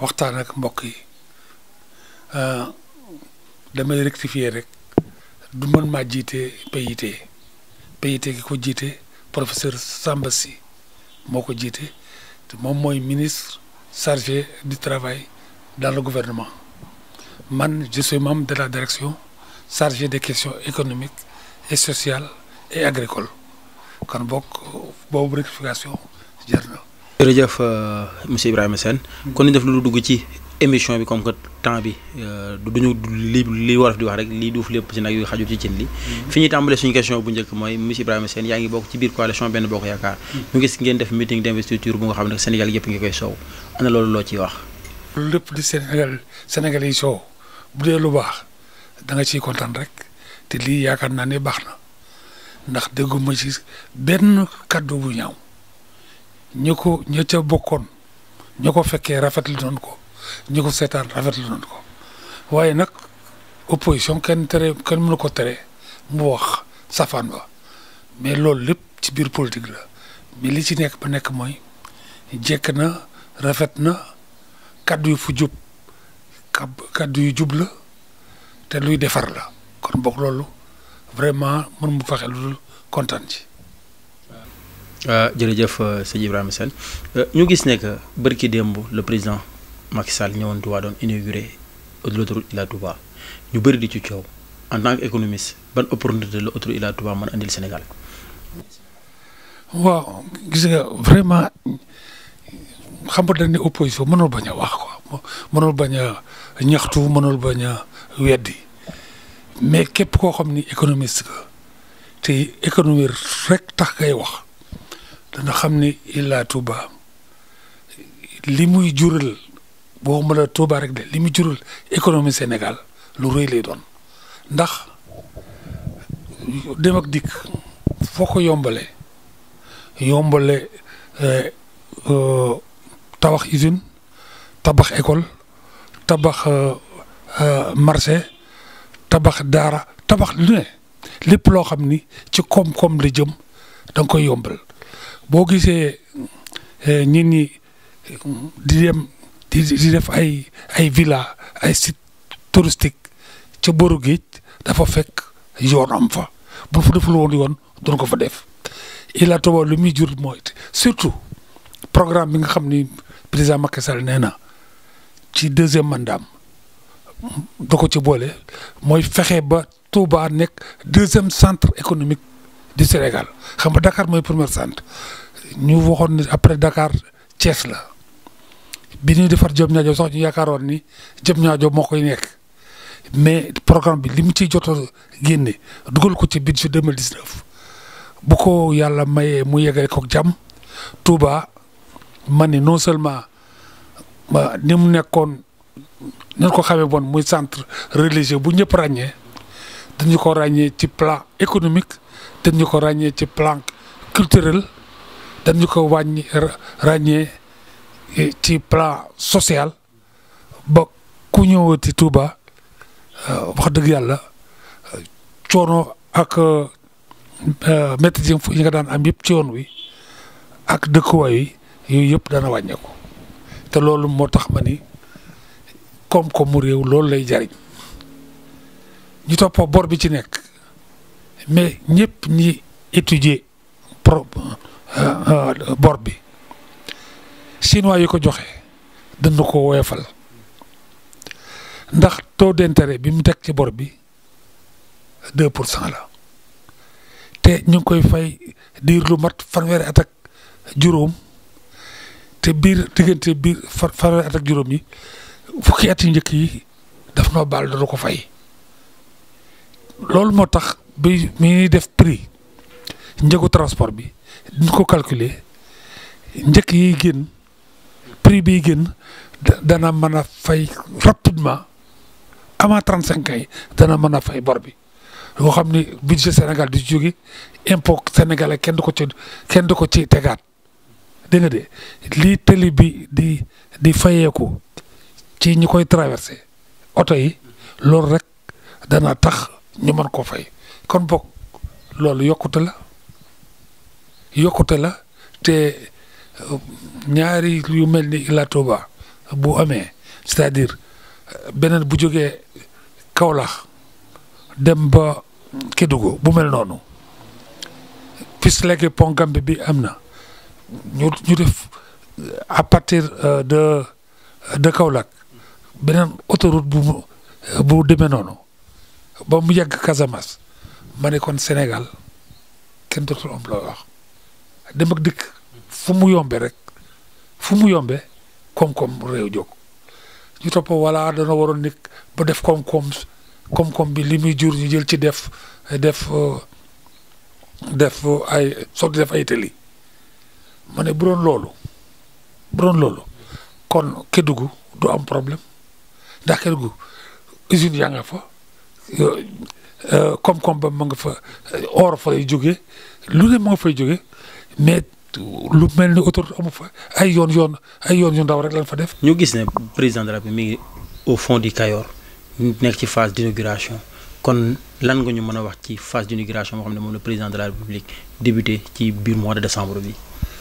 waxtaan ak mbokk yi euh, damay rectifier rek du mën maa jiite payité payité ki ko jiite professeur Samba Sy moo ko jiite te moom mooy ministre chargé du travail dans le gouvernement man je suis membre de la direction chargée des questions économiques et sociales et agricoles kon bokk boobu rectification jar na jërëjëf euh, monsieur Ibrahima Sène mm-hmm. kon ñu def lu dugg ci émission bi comme que temps bi euh, duñu li li wolof di wax rek lii duuf lépp ci nag yu xajul ci cin li mm-hmm. fi ñu tàmbalee suñu question bu njëkk mooy monsieur Ibrahima Sène yaa ngi bokk ci biir coalition benn bokk yaakaar mm-hmm. ñu gis ngeen def meeting d'investiture bu nga xam ne Sénégal yëpp ngi koy soow ana loolu loo ciy wax loolu lépp di Sénégal Sénégal yi soow bu dee lu baax da nga ciy kontaan rek te lii yaakaar naa ne baax na ndax dégguma ci benn kàddu bu ñu ko ña ca bokkoon ñu ko fekkee rafetlu nañ ko ñu ko seetaan rafetlu nañ ko waaye nag opposition kenn tere kenn mënu ko tere mu wax safaan ba mais loolu lépp ci biir politique la mais li ci nekk ba nekk mooy jekk na rafet na kàddu yu fu jub kàddu yu jub la te luy defar la kon bokk loolu vraiment mën mu fexe lu dul kontaan ci Euh, jërëjëf euh, sëñ Ibrahima Sène euh, ñu gis ne que barki démb le président Macky Sall ñëwoon Touba doon inauguré l'autoroute Ila Touba ñu bëri di ci coow en tant qu'économiste ban opportunité la autoroute Ila Touba mën andil Sénégal. waaw gis nga vraiment xam nga dañ ne opposition mënul bañ a wax quoi mënul bañ a ñaxtu mënul bañ a weddi mais képp koo xam ni économiste nga te économie rek tax ngay wax. dana xam ni Ila Touba li muy jural boo mën a Touba rek de li muy jural économie Sénégal lu rëy lay doon ndax dem dikk foo yombale yombale eh, eh, tabax usine tabax école tabax eh, marché tabax daara tabax lu lépp loo xam ni ci koom-koom la jëm da nga koy yombal boo gisee eh, nit ñi di dem di def ay ay villa ay site touristique ca boru géej dafa fekk yoon am fa bu fa deful woon yoon doon fa def Ila Touba lu muy jur mooy surtout programme bi nga xam ni président Macky Sall nee na ci deuxième mandat da ko ci boole mooy fexe ba Touba nekk deuxième centre économique di Sénégal xam nga Dakar mooy premier centre ñu waxoon ni après Dakar Thiès la bi ñuy defar Diop Niadio sax ñu yaakaaroon ni Diop Niadio moo koy nekk mais programme bi li mu ciy jot a génne dugal ko ci budget 2019 bu ko yàlla mayee mu yeggale kook jàmm Touba ma ni non seulement ma ni mu nekkoon nañ ko xamee bon muy centre religieux bu ñëpp ràññee dañu ko ràññee ci plan économique dañ ñu ko ràññee ci plan culturel dañ ko wàññi ràññee eh, ci plan social ba ku ñëwati Touba eh, wax dëgg yàlla coono ak eh, métti yi nga daan am yëpp ci woon wi ak dëkkuwaay yi yooyu yëpp dana wàññeeku te loolu moo tax ma ni koom-koomu réew loolu lay jariñ ñu toppoo bor bi ci nekk. mais ñëpp ñi étudier pro euh, euh, bor bi chinois yi ko joxe dana ko woyofal ndax taux d'intérêt bi mu teg ci bor bi deux pour cent la te ñu ngi koy fay diir lu mat fanweeri at ak juróom te biir diggante biir fanweeri at ak juróom yi fukki at yi njëkk yi daf noo baal dana ko fay loolu moo tax. bi mi ñuy def prix njëgu transport bi ñu ko calculer njëkk yi génn prix bi génn dana mën a fay rapidement avant trente cinq yi dana mën a fay bor bi yoo xam ni budget Sénégal di jóge impôt sénégalais kenn du ko ci kenn ko ci tegaat dégg nga de lii tëli bi di di fayeeku ci ñi koy traversé oto yi loolu rek dana tax ñu mën koo fay. kon bokk loolu yokkute la yokkute la te ñaari yu mel ni la Touba bu amee c'est-à-dire beneen bu jógee kawlax dem ba Kédougou bu mel noonu puisque léegi pont Gambie bi am na ñu ñu def à partir euh, de de Kaolack beneen autoroute bu bu demee noonu ba mu yegg Casamance. ma ne kon Sénégal kenn dootul am looy wax dem dikk fu mu yombe rek fu mu yombe koom-koom réew jóg ñu topp wala dana waroon nit ba def koom-koom koom-koom bi li muy jur ñu jël ci def def def ay sotti def ay tëli ma ne bu loolu bu doon loolu kon Kédougou du am problème ndax Kédougou usine yaa nga fa koom-koom euh, ba mu nga fa euh, or fa lay jógee lu ne mu nga fay jógee mais lu mel ni autoroute amu fa ay yoon yoon ay yoon yu ndaw rek lañ fa def. ñu gis ne président de la République mi ngi au fond di Kayor nekk ci phase d'inauguration kon lan nga ñu mën a wax ci phase d'inauguration boo xam ne moom la président de la République débuté ci biir mois de décembre bi.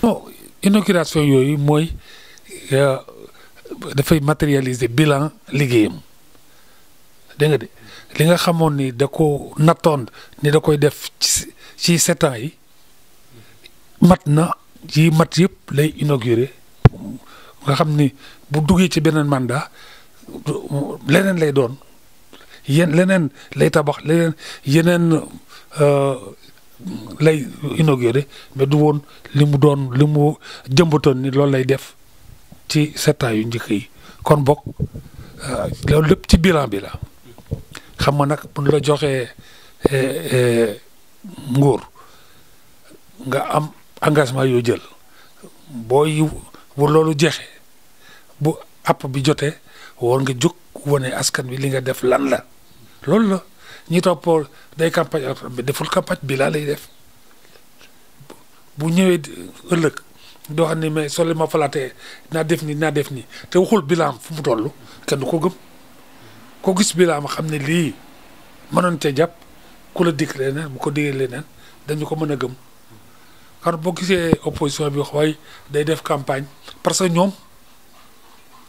non inauguration yooyu mooy euh, dafay matérialiser bilan liggéeyam dégg de. li nga xamoon ni da ko nattoon ni da koy def ci ci yi mat na yi mat yëpp lay inauguré nga xam ni bu duggee ci beneen mandat leneen lay doon yéen leneen lay tabax leneen yeneen euh, lay inauguré mais du woon li mu doon li mu jëmbatoon ni loolu lay def ci sept yu njëkk yi kon bokk euh, loolu lépp ci bilan bi xam nga nag bu ñu la joxee eh, eh, nguur nga am engagement yoo jël boo booy bu loolu jeexee bu app bi jotee war nga jóg wane askan bi li nga def lan la loolu la ñi topp day campagne bi deful campagne bi laa def bu ñëwee ëllëg doo xam ne mais soo leen ma falaatee naa def ni naa def nii te bilaam fu mu toll kenn du ko gëm. ko gis bi la ma xamne li manon te japp jàpp ku la dik leneen bu ko digee leneen dañu ko mën a gëm xam boo gisee opposition bi way day def campagne parce que ñom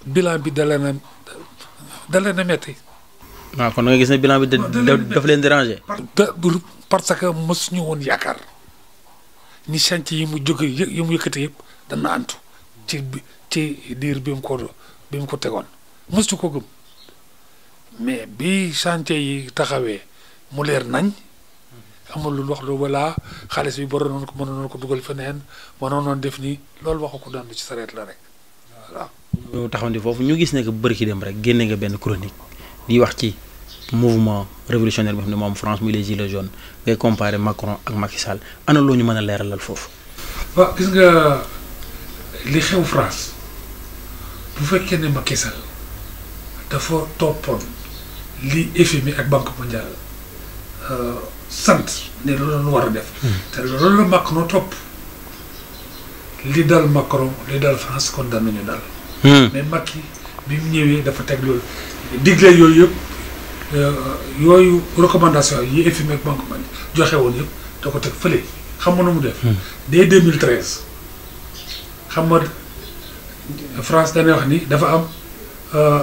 bilan bi da leen da leen a metti waaw kon nga gis ne bilan bi daf leen déranger parce que ñu won yakar ni yi mu yi mu yëp da na antu ci ci dir bi mu ko bi mu ko tegoon mësuñu ko gëm mais bi chantier yi taxawee mu leer nañ amul lu wax lu wala xaalis bi boroon noonu ko mënoon ko dugal feneen mënoon noonu def nii loolu waxu ko ci sareet la rek waaw. ñu taxawante ñu gis ne que bërki dem rek génne nga benn chronique di wax ci mouvement révolutionnaire bi xam ne France muy les gilets jaunes ngay comparer Macron ak Macky Sall ana loo ñu mën a leeralal foofu. waaw gis nga li xew France bu fekkee ne Macky Sall dafa toppoon. li FMI ak banque mondiale euh, sant ne loolu la war a def. Hmm. te loolu la Macron topp li dal Macron li dal France kon nañu daal hmm. mais Macky bi ñëwee dafa teg loolu digle yooyu yëpp euh, yooyu recommandation yi FMI ak banque mondiale joxe woon yëpp doo ko teg fële xam nga nu mu def. Hmm. dès 2013 xam nga France dañuy wax ni dafa am. Euh,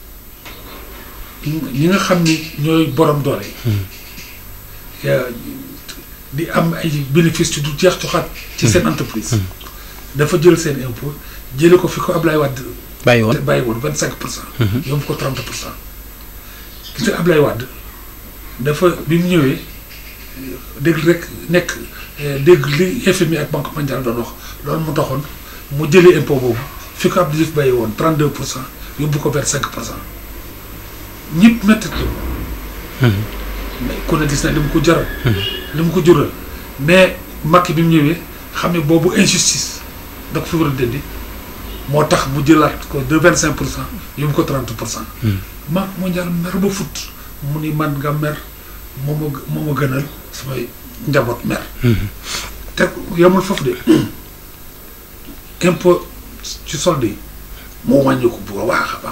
ñi nga xam ni ñooy borom doole yi hmm. di am ay bénéfice du jeex xat ci seen hmm. entreprise hmm. dafa jël seen impôt jële ko fi ko Ablaye wàdd bàyyi woon bàyyi woon vingt pour cent ko trente pour cent gis nga Ablaye Wade dafa bi mu ñëwee dégg rekk nekk eh, dégg li FMI ak Banque mondiale doon wax loolu mu taxoon mu jëlee impôt boobu fi ko Abdou Diouf bàyyi woon trente deux pour cent yóbbu ko vingt cinq pour cent Nip mettit la ko hmm. na gis na li ko jaral li hmm. mu ko jural mais makki bi ñewé ñëwee bobu injustice da ko fi war a tax bu jëlat ko de vingt cinq ko 30% pour cent hmm. maak mer bu fut mu ni man nga mer moo ma gënal sama njabot mer te yamul fofu de impo ci soldi mo wañu ko bu waxa ba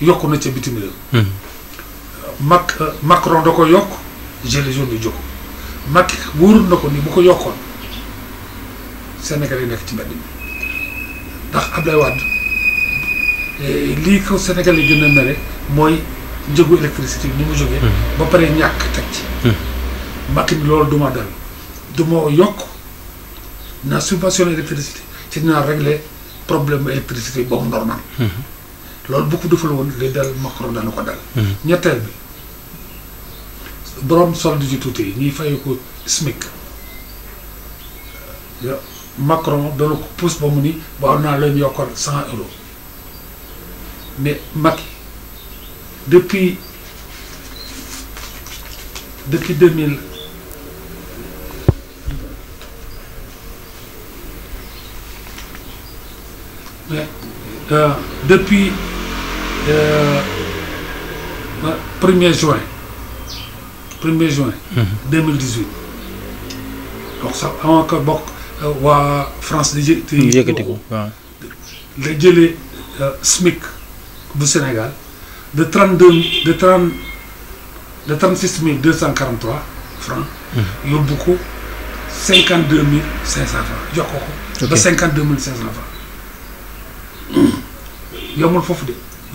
yokk na ca bitim réew. Hmm. Mac euh, Macron da ko yokk gilets jaunes yi jóg Mac wóorul na ko ni bu ko yokkoon Sénégal yi nekk ci mbedd mi ndax Abdoulaye Wade eh, lii ko Sénégal yi gën a mere mooy njëgu électricité bi ni mu jógee. Hmm. ba pare ñàkk teg ci. Hmm. Mac mi loolu du ma dal du ma yokk naa subventionné électricité ci dinaa régler problème électricité boobu normal. lors beaucoup de fois on les dal macron dans le cadre il hmm. tel brom solde du tout Il ni faille au smic macron dans le pouce pour on Il y a encore 100 euros mais mac depuis depuis 2000 euh, depuis Euh, première juin premier juin. 2018. donc sax avant que bokk euh, waa France di jë. Euh, SMIC bu Sénégal de trente deux de mille deux cent quarante trois francs. Mhm. yóbbu ko cinquante deux mille cinq cent francs jox ko ba cinquante deux mille cinq cent francs yomul foofu de.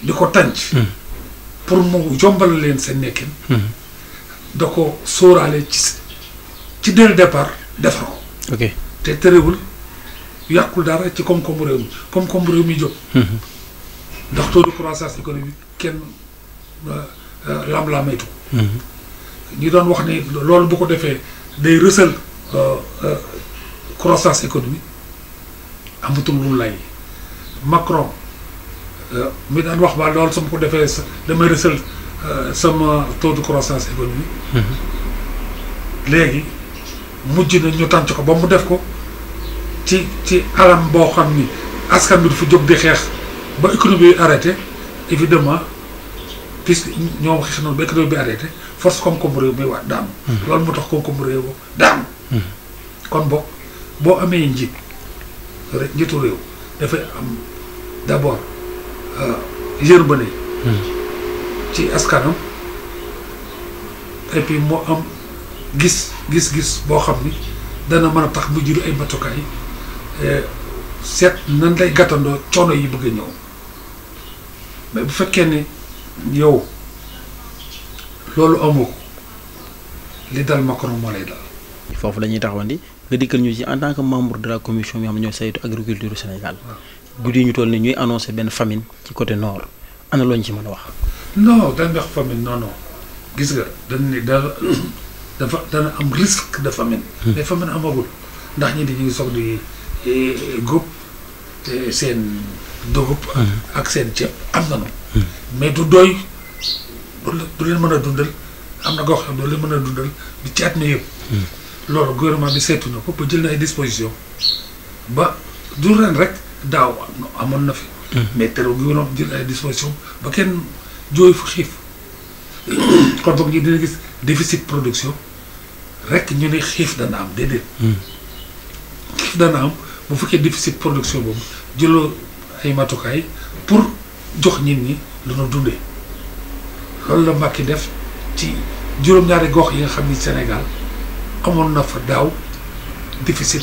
di ko tànc hmm. pour mu jombal leen seen nekkin hmm. da ko sóoraale ci ci dès départ defar ko te tërëwul yàqul dara ci koom-koomu réew mi koom-koomu réew mi jóg hmm. ndax croissance économique kenn lam la maytu ñu doon wax ni loolu bu ko defee day rësal euh, euh, croissance économique amatul lu lay Macron Euh, mi daan wax ba loolu su ma ko defee damay rësal euh, sama taux de croissance économique mm-hmm. léegi mujj na ñu tànc ko ba mu def ko ci ci alam boo xam ni askan bi fu jóg di xeex ba économie bi arrêté évidemment puisque ñoo xeex noonu ba économie bi arrêté force koom-koomu réew mi waat daanu mm-hmm. loolu moo tax koom-koomu réew daanu mm-hmm. kon boog boo amee njiit rek njiitu réew dafay am d'abord yërmande hmm. ci askanam et puis mo am gis gis-gis bo xamni ni dana mën tax bu jiru ay euh set nan lay gatando coono yi bëgg ñew mais bu fekke ne yow lolu amoo li dal Macron mo lay dal. fofu lañuy taxawandi nga dikkal ñu ci en tant que membre de la commission mi xam ñoo saytu agriculture Sénégal. guddi ñu toll ni ñuy annoncé benn famine ci côté nord ana loo ñu ci mën a wax. non dañ wax famine non gis nga dañ ni dafa dafa dana am risque de famine. Hmm. mais famine amagul ndax ñi di ñu ngi soog di e, góob seen dugub. Hmm. ak seen ceeb am nañu. Hmm. mais du doy du leen mën a dundal am na koo xam du leen mën a dundal bi ci at mi loolu gouvernement bi seetu na ko jël na ay disposition ba du ren rek. daaw amoon na fi. Hmm. mais terewul gi waroon jël ay disposition ba kenn jooy fu xiif kon boog ñu dina gis déficit production rek ñu ne xiif dana am déedéet. Hmm. xiif dana am bu fekkee déficit production boobu jëloo ay matukaay pour jox nit ñi lu ñu dundee loolu la Macky def ci juróom-ñaari gox yi nga xam ni Sénégal amoon na fa daaw déficit.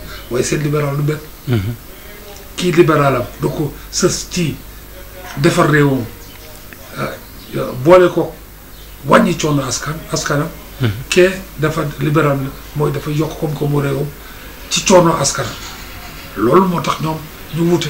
waaye seen libéral du benn mhm. kii libéralam du ko sës ci defar réewam euh, boole ko wàññi coono askan askanam mhm. kee dafa libéral la mooy dafa yokk koom-koomu réewam ci coono askanam loolu moo tax ñoom ñu wute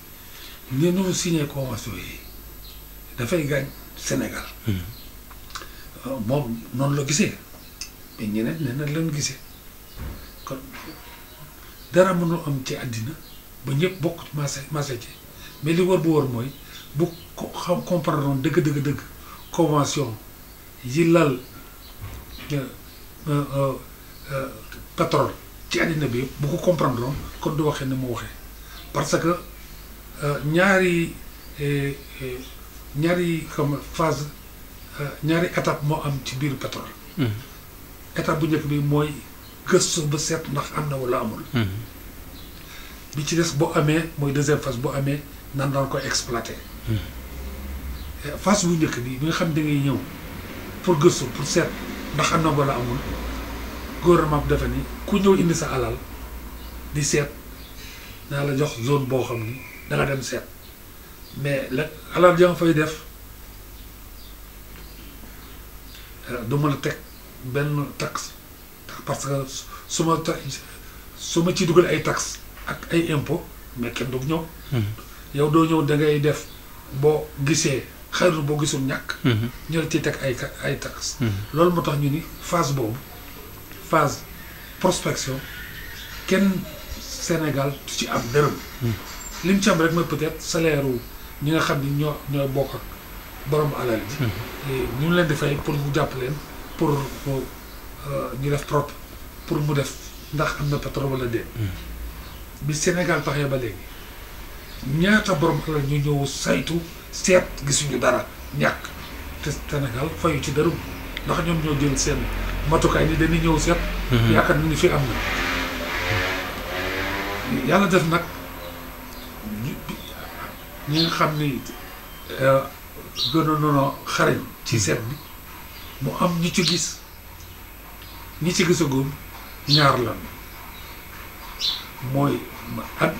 Nous avons signé convention yi dafay gagne Sénégal hmm. euh, Bon, non la mais nous ne na leen Nous avons dara mënul am ci Adina. mais bu bu comprendre la convention yi lal euh, euh, pétrole ci àddina bi bu ko parce que ñaari eh, eh, ñaari comme phase eh, ñaari étape moo am ci biir pétrole. Mhm. étape bu njëkk bi mooy gëstu ba seet ndax am na wala amul. Mhm. bi ci des boo amee mooy deuxième phase boo amee nan daan ko exploité. Mhm. phase bu njëkk bi bi nga xam da ngay ñëw pour gëstu pour seet ndax am na wala amul gouvernement bi dafa ni ku ñëw indi sa alal di seet naa la jox zone boo xam ni. da nga dem seet mais la alal ja nga fay def euh, du mën a teg benn taxe parce que suma suma ta su dugal ay taxe ak ay impôt mais kenn du ñëw hmm. yow doo ñëw da ngay def boo gisee xarit boo gisul ñàkk hmm. ñu la ciy teg ay ay taxe hmm. loolu moo tax ñu ni phase boobu phase prospection kenn Sénégal du ci am dërëm lim ci am rek mooy peut-être salaire ñi nga xam ni ñoo ñooy bokk ak borom alal ji hmm. ñu leen di fay pour mu jàpp leen pour mu euh, ñu def trop pour mu def ndax am na pétrole wala déet hmm. bi Sénégal taxee ba léegi ñaata borom alal ñu ñëw saytu seet gisuñu dara ñàkk te Sénégal fayu ci dërëm ndax ñoom ñoo jël seen matukaay ni dañuy ñëw seet hmm. yaakaar ni fi am na yàlla def nag ñi nga xam ni euh, gënoon nañoo xarañ ci set bi mu am ñi ci gis ñi ci gisagum ñaar lan mooy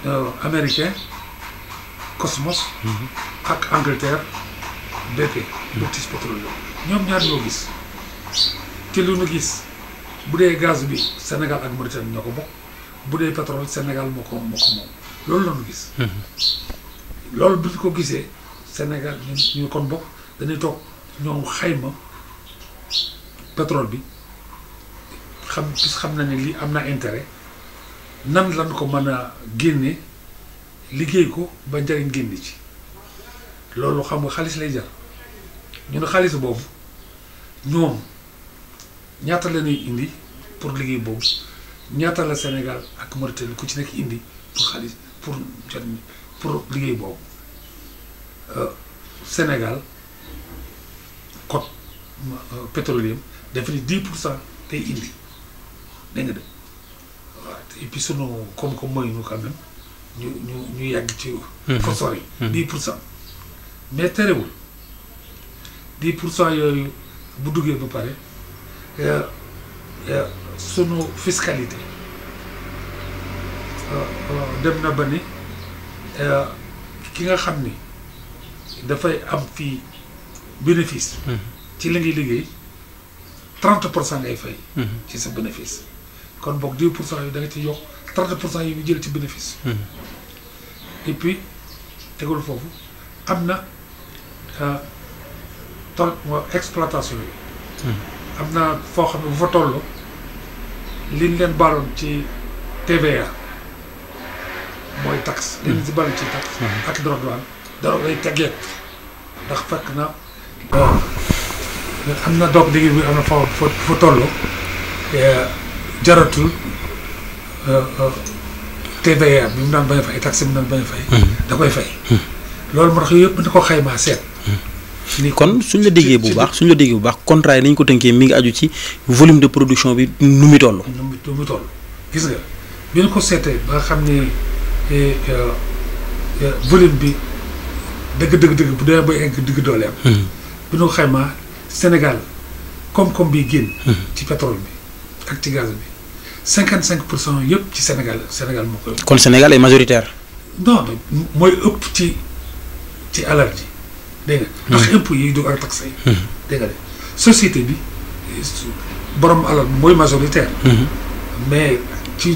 euh, américain Cosmos mm-hmm. ak Angleterre BP British Petroleum ñoom ñaar ñoo gis te lu ñu gis bu dee gaz bi Sénégal ak Mauritanie ñoo ko bokk bu dee pétrole Sénégal moo ko moom loolu la ñu gis mm-hmm. loolu du ko gisee Sénégal ñu kon bokk dañuy toog ñoom xayma pétrole bi xam bis xam na ne lii am na intérêt nan lan ko mën a génne liggéey ko ba njëriñ génn ci loolu xam xaalis lay jar ñu ne xaalis boobu ñoom ñaata la ñuy indi pour liggéey boobu ñaata la Sénégal ak Mauritanie ku ci nekk indi pour xaalis pour njëriñ pour liggéey boobu euh, Sénégal cote euh, pétrolière dafa ni pour cent tey indi dégg de waaw et puis sunu koom-koom mooy ñu quand même ñu ñu ñu yàgg ci. phosphore yi. dix pour cent mais terewul dix pour cent yooyu bu duggee ba pare euh, sunu fiscalité dem na ba ni. Euh, ki nga xam ni dafay am fii bénéfice mm-hmm. ci li ngay liggéey 30% ngay fay mm-hmm. ci sa bénéfice kon boog 2% pour cent yi da nga ci yokk 30% pour cent yi ñu jël ci bénéfice mm-hmm. et puis tegul foofu am na euh, tol exploitation yi am na foo xam ne bu fa toll liñ leen baaloon ci TVA mooy taxe. li ñu si bari ci taxe. Mhm. ak drogue douane drogue lay teggeeku ndax fekk na. am na doog liggéey bi am na fo foo fa toll. jaratu euh, euh, TVA bi mu daan bañ a fay taxe bi mu daan bañ a fay. Mhm. da koy fay. Mhm. loolu moo tax yooyu yëpp mën na ko xaymaa seet. kon suñ la déggee bu baax suñ la déggee bu baax contrat yi nañ ko tënkee mi ngi aju ci volume de production bi nu mu toll. nu mu toll gis nga bi ñu ko seetee ba nga xam ne. et euh, euh, volume bi dëgg dëgg dëgg bu demee bay egg digg dooleem. Hmm. bu ñu xaymaa Sénégal koom-koom bi génn. Hmm. ci pétrole bi ak ci gaz bi 55 cinq pour cent yëpp ci Sénégal Sénégal moo koy. kon Sénégal est majoritaire. non mooy ëpp ci ci alal ji dégg nga. ndax hmm. impôts yi dugg ak taxes yi. dégg nga société bi borom alal mooy majoritaire. mais ci.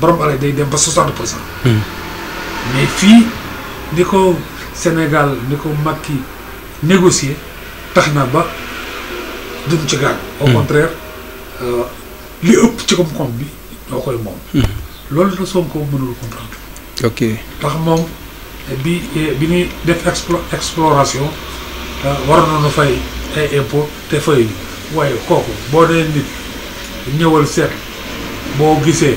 borom day dem ba 60 pour cent. Hmm. mais fii ni ko Sénégal ni ko Macky négocier tax na ba duñ ci gaañ. au hmm. contraire euh, li ëpp ci koom-koom bi ñoo koy moom. Hmm. loolu la ko mënul comprendre. ok tax moom bi bi ñuy def explo exploration euh, war nañu fay ay impôt te fay waaye kooku boo dee nit ñëwal seet boo gisee.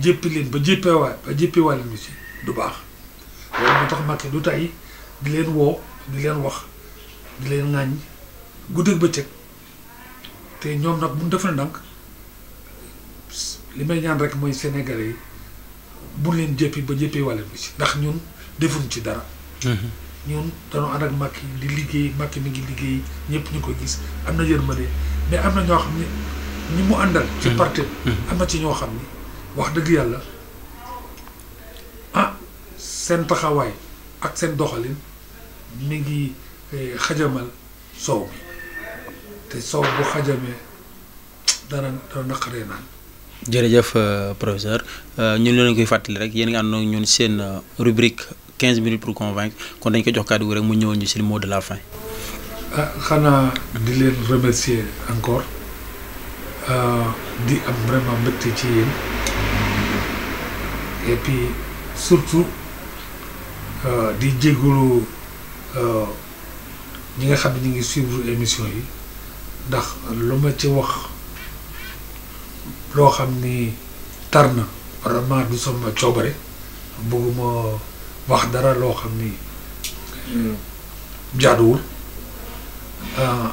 jéppi leen ba way ba wal mi ci du bax loolu moo tax makki du tay di len wo di len wax di leen ŋàññ guddeeg bëccëg té ñom nak buñ defal ndànk li may ñaan rek moy sénégalais bu leen jéppi ba wal mi ci ndax ñun defuñ ci dara mhm. ñun dañu and ak makki di liggéey makki mi ngi liggéey ñepp ñu ko gis amna yermale mais amna ño xamni xam ñi mu andal ci mhm. parti mhm. amna ci ño xamni wax dëgg yàlla ah seen taxawaay ak seen doxalin mu ngi eh, xajamal soow mi te soow bu xajamee dana dana naqaree naan. jërëjëf euh, professeur euh, ñun leen koy fàttali rek yéen nga àndoon ñun seen euh, rubrique 15 minutes pour convaincre kon dañ ko jox kàddu gi rek mu ñëwoon ñu si mot de la fin. ah xanaa di leen remercier encore di am vraiment mbégte ci yéen. et puis surtout euh, di euh ñi nga xam ne ngi suivre émission yi ndax luma ci wax lo xam ni tar vraiment du sama coobare buguma wax dara loo xam ni euh, euh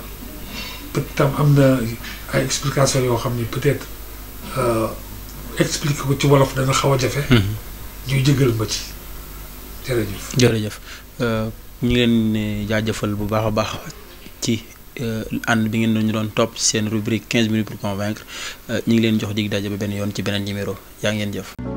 peut être amna ay explication yo xam ni peut-être euh, expliqué ko ci wolof dana xaw a jafe. Mhm. ñuy jëgal ma jërëjëf. jërëjëf euh, ñu ngi leen jaajëfal bu baax a baax ci euh, ànd bi ngeen doon ñu doon topp seen rubrique 15 minutes pour convaincre euh, ñu ngi leen jox dig daje ba benn yoon ci beneen numéro yaa ngeen jëf.